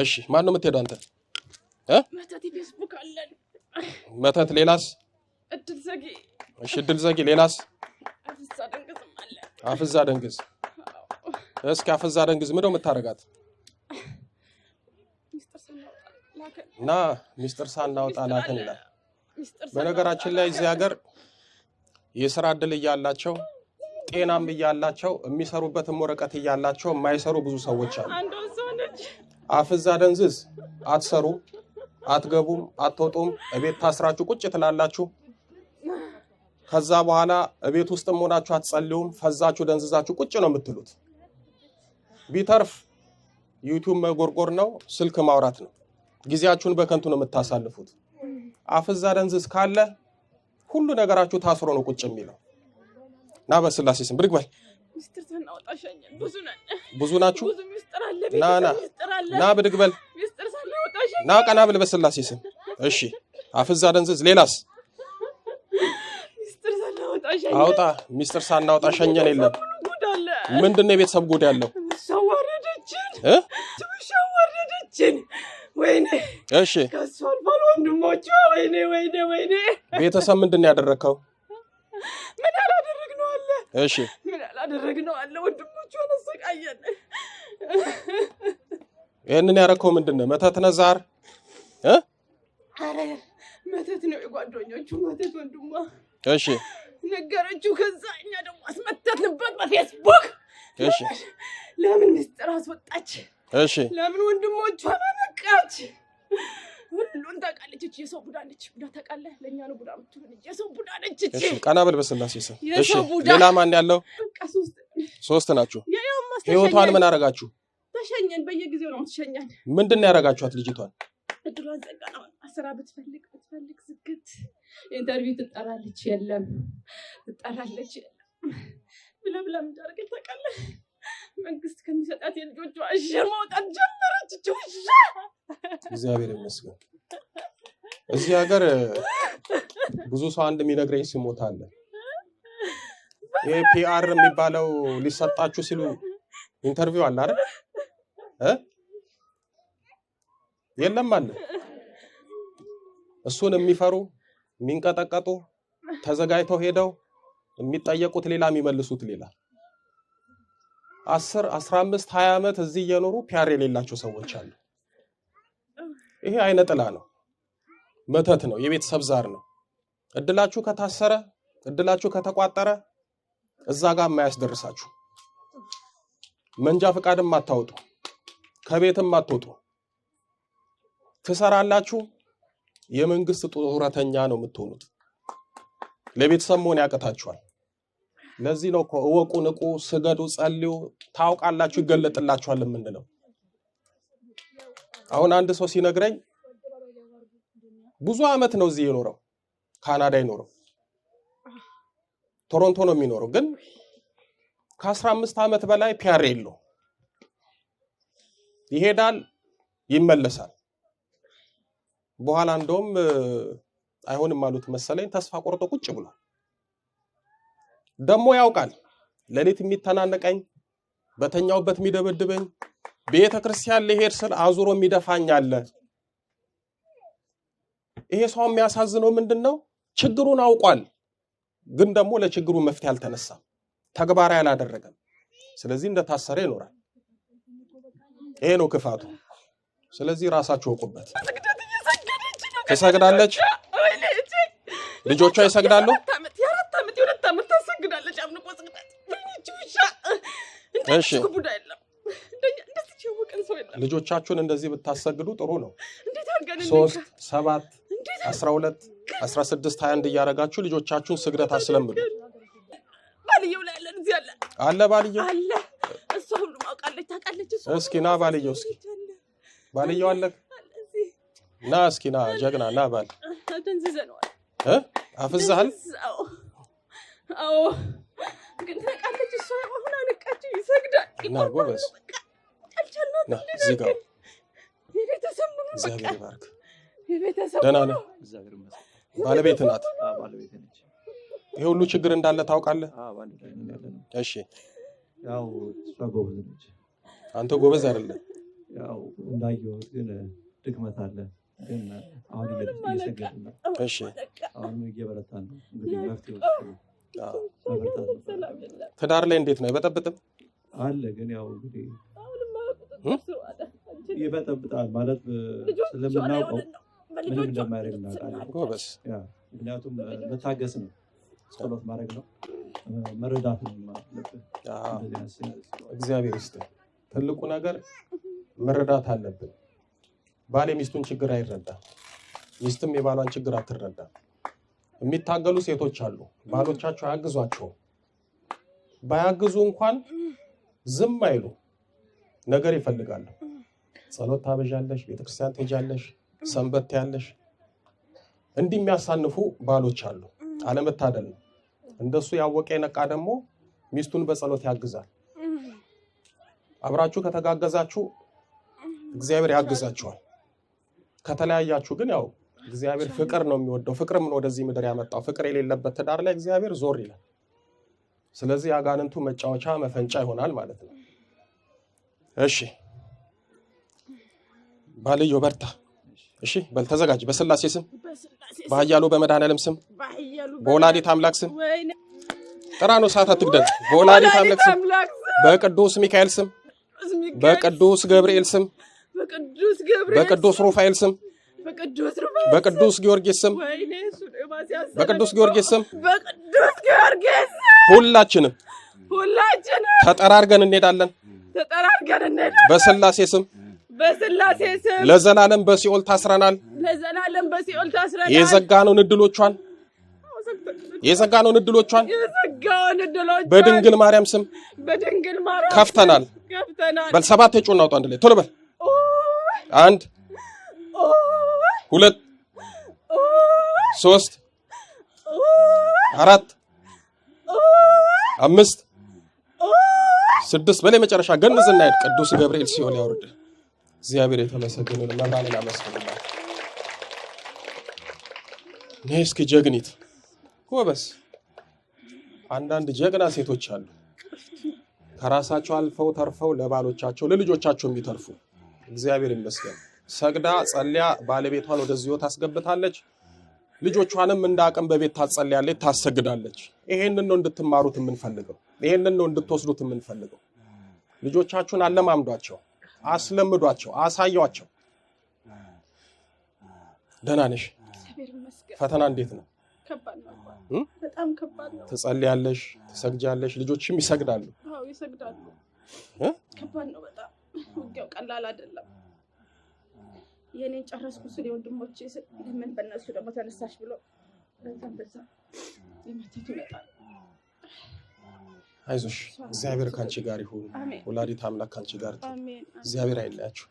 እሺ፣ ማን ነው የምትሄደው አንተ? መተት፣ ሌላስ? እሺ፣ እድል ዘጊ፣ ሌላስ? አፍዛ ደንግዝ። እስኪ አፍዛ ደንግዝ ምንድነው የምታደርጋት? እና ሚስጥር ሳናወጣ ላከን ይላል። በነገራችን ላይ እዚህ ሀገር የስራ እድል እያላቸው ጤናም እያላቸው የሚሰሩበትም ወረቀት እያላቸው የማይሰሩ ብዙ ሰዎች አሉ። አፍዛ ደንዝዝ አትሰሩም፣ አትገቡም፣ አትወጡም፣ እቤት ታስራችሁ ቁጭ ትላላችሁ። ከዛ በኋላ እቤት ውስጥም ሆናችሁ አትጸልዩም፣ ፈዛችሁ ደንዝዛችሁ ቁጭ ነው የምትሉት። ቢተርፍ ዩቲዩብ መጎርጎር ነው፣ ስልክ ማውራት ነው። ጊዜያችሁን በከንቱ ነው የምታሳልፉት። አፍዛ ደንዝዝ ካለ ሁሉ ነገራችሁ ታስሮ ነው ቁጭ የሚለው እና በስላሴ ስም ብድግ በል ብዙ ናችሁ ና ብድግ በል ና ቀና ብል በስላሴ ስም እሺ አፍዛ ደንዝዝ ሌላስ አውጣ ሚስጥር ሳናውጣ ሸኘን የለም ምንድን ነው የቤተሰብ ጉድ ያለው እሺ ቤተሰብ ምንድን ነው ያደረግከው እሺ ይህንን ያረከው ምንድን ነው? መተት ነው ዛር እ ኧረ መተት ነው የጓደኞቹ መተት ወንድሟ። እሺ ነገረችው። ከዛ እኛ ደግሞ አስመተትንበት በፌስቡክ። እሺ ለምን ምስጢር አስወጣች? እሺ ለምን ወንድሞቿ አበቃች? ሁሉን ታውቃለች። እች የሰው ቡዳ ነች። ቡዳ ታውቃለህ? ለእኛ ነው ቡዳ ምትሆን የሰው ቡዳ ነች። እች ቀና በል በስላሴ ስም። እሺ ሌላ ማን ያለው? ሶስት ናችሁ። ህይወቷን ምን አደረጋችሁ? ተሸኘን። በየጊዜው ነው የምትሸኛል። ምንድን ነው ያደርጋችኋት ልጅቷን? እድሏን ጸጋ ነው። ስራ ብትፈልግ ብትፈልግ ዝግት ኢንተርቪው ትጠራለች፣ የለም ትጠራለች፣ ብላ ብላ ምዳርግ ታውቃለህ። መንግስት ከሚሰጣት የልጆቹ አሽር መውጣት ጀመረች። ውሻ እግዚአብሔር ይመስገን። እዚህ ሀገር ብዙ ሰው አንድ የሚነግረኝ ስሞታ አለ። ይሄ ፒአር የሚባለው ሊሰጣችሁ ሲሉ ኢንተርቪው አለ አይደል የለም አለ። እሱን የሚፈሩ የሚንቀጠቀጡ ተዘጋጅተው ሄደው የሚጠየቁት ሌላ የሚመልሱት ሌላ። አስር አስራ አምስት ሀያ ዓመት እዚህ እየኖሩ ፒያር የሌላቸው ሰዎች አሉ። ይሄ አይነ ጥላ ነው፣ መተት ነው፣ የቤተሰብ ዛር ነው። እድላችሁ ከታሰረ እድላችሁ ከተቋጠረ እዛ ጋር የማያስደርሳችሁ መንጃ ፈቃድም አታውጡ። ከቤትም አትወጡ፣ ትሰራላችሁ፣ የመንግስት ጡረተኛ ነው የምትሆኑት። ለቤተሰብ መሆን ያቀታችኋል። ለዚህ ነው እኮ እወቁ፣ ንቁ፣ ስገዱ፣ ጸልዩ፣ ታውቃላችሁ፣ ይገለጥላችኋል የምንለው። አሁን አንድ ሰው ሲነግረኝ ብዙ አመት ነው እዚህ የኖረው፣ ካናዳ ይኖረው፣ ቶሮንቶ ነው የሚኖረው፣ ግን ከአስራ አምስት ዓመት በላይ ፒያር የለው ይሄዳል፣ ይመለሳል። በኋላ እንደውም አይሆንም አሉት መሰለኝ። ተስፋ ቆርጦ ቁጭ ብሏል። ደግሞ ያውቃል ሌሊት የሚተናነቀኝ በተኛውበት የሚደበድበኝ ቤተ ክርስቲያን ልሄድ ስል አዙሮ የሚደፋኝ አለ። ይሄ ሰው የሚያሳዝነው ምንድን ነው? ችግሩን አውቋል፣ ግን ደግሞ ለችግሩ መፍትሄ አልተነሳም፣ ተግባራዊ አላደረገም። ስለዚህ እንደታሰረ ይኖራል። ይሄ ነው ክፋቱ። ስለዚህ ራሳችሁ ወቁበት። ትሰግዳለች፣ ልጆቿ ይሰግዳሉ። ልጆቻችሁን እንደዚህ ብታሰግዱ ጥሩ ነው። ሶስት ሰባት አስራ ሁለት አስራ ስድስት ሀያ አንድ እያደረጋችሁ ልጆቻችሁን ስግደት አስለምዱ። አለ ባልየው እስኪ ና ባልየው፣ እስኪ ባልየው አለ ና እስኪ ና ጀግና ና ባል አዎ ግን ታውቃለች እሷ አሁን አለቃቸው ይሰግዳል። ና ጎበዝ ዚጋው የቤተሰብ እግዚአብሔር ይባርክ። ደህና ነው። ባለቤት ናት። ይሄ ሁሉ ችግር እንዳለ ታውቃለህ። እሺ አንተ ጎበዝ አይደለም። ያው እንዳየሁት ግን ድክመት አለ። ግን አሁን እየሰገድን ነው። እሺ አሁን እየበረታ ነው። እንግዲህ መፍትሄ ትዳር ላይ እንዴት ነው? አይበጠብጥም? አለ ግን ያው እንግዲህ ይበጠብጣል ማለት ስለምናውቀው ምንም እንደማያደርግ እናውቃለን። ጎበዝ ምክንያቱም መታገስ ነው፣ ጸሎት ማድረግ ነው፣ መረዳት ነው። እግዚአብሔር ይስጥ። ትልቁ ነገር መረዳት አለብን። ባል የሚስቱን ችግር አይረዳም፣ ሚስትም የባሏን ችግር አትረዳም። የሚታገሉ ሴቶች አሉ። ባሎቻቸው አያግዟቸውም። ባያግዙ እንኳን ዝም አይሉ፣ ነገር ይፈልጋሉ። ጸሎት ታበዣለሽ፣ ቤተክርስቲያን ትሄጃለሽ፣ ሰንበት ያለሽ። እንዲህ የሚያሳንፉ ባሎች አሉ። አለመታደል ነው። እንደሱ ያወቀ የነቃ ደግሞ ሚስቱን በጸሎት ያግዛል። አብራችሁ ከተጋገዛችሁ እግዚአብሔር ያግዛችኋል። ከተለያያችሁ ግን ያው እግዚአብሔር ፍቅር ነው የሚወደው። ፍቅር ምን ወደዚህ ምድር ያመጣው ፍቅር የሌለበት ትዳር ላይ እግዚአብሔር ዞር ይላል። ስለዚህ አጋንንቱ መጫወቻ መፈንጫ ይሆናል ማለት ነው። እሺ ባልዮ በርታ። እሺ በል ተዘጋጅ። በስላሴ ስም በኃያሉ በመድኃኔዓለም ስም በወላዲት አምላክ ስም ጥራ ነው ሰዓት አትግደል። በወላዲት አምላክ ስም በቅዱስ ሚካኤል ስም በቅዱስ ገብርኤል ስም፣ በቅዱስ ሩፋኤል ስም፣ በቅዱስ ጊዮርጊስ ስም፣ በቅዱስ ጊዮርጊስ ስም በቅዱስ ሁላችንም ተጠራርገን እንሄዳለን። ተጠራርገን እንሄዳለን። በስላሴ ስም በስላሴ ስም ለዘላለም በሲኦል ታስረናል። ለዘላለም በሲኦል ታስረናል። የዘጋነውን እድሎቿን የዘጋነውን እድሎቿን በድንግል ማርያም ስም ከፍተናል። በል ሰባት የጮህ እናውጣ አንድ ላይ ቶሎ በል። አንድ ሁለት ሶስት አራት አምስት ስድስት በላይ መጨረሻ ገንዝ እናያድ ቅዱስ ገብርኤል ሲሆን ያውርድ እግዚአብሔር የተመሰገነ ለማባለላ መስገድ ነይ እስኪ ጀግኒት ጎበስ አንዳንድ ጀግና ሴቶች አሉ ከራሳቸው አልፈው ተርፈው ለባሎቻቸው ለልጆቻቸው የሚተርፉ እግዚአብሔር ይመስገን። ሰግዳ ጸልያ ባለቤቷን ወደዚህ ታስገብታለች። ልጆቿንም እንደ አቅም በቤት ታጸልያለች፣ ታሰግዳለች። ይሄንን ነው እንድትማሩት የምንፈልገው። ይሄንን ነው እንድትወስዱት የምንፈልገው። ልጆቻችሁን አለማምዷቸው፣ አስለምዷቸው፣ አሳያቸው። ደህና ነሽ? ፈተና እንዴት ነው? በጣም ከባድ ነው ትጸልያለሽ፣ ትሰግጃለሽ፣ ልጆችም ይሰግዳሉ። ይሰግዳሉ። ከባድ ነው በጣም ውጊያው ቀላል አይደለም። የእኔን ጨረስኩ ስል የወንድሞቼ ለምን በእነሱ ደግሞ ተነሳሽ ብሎ በዛም በዛ የመተት ይመጣል። አይዞሽ፣ እግዚአብሔር ካንቺ ጋር ይሁን። ወላዲት አምላክ ካንቺ ጋር ይሁን። እግዚአብሔር አይለያችሁ።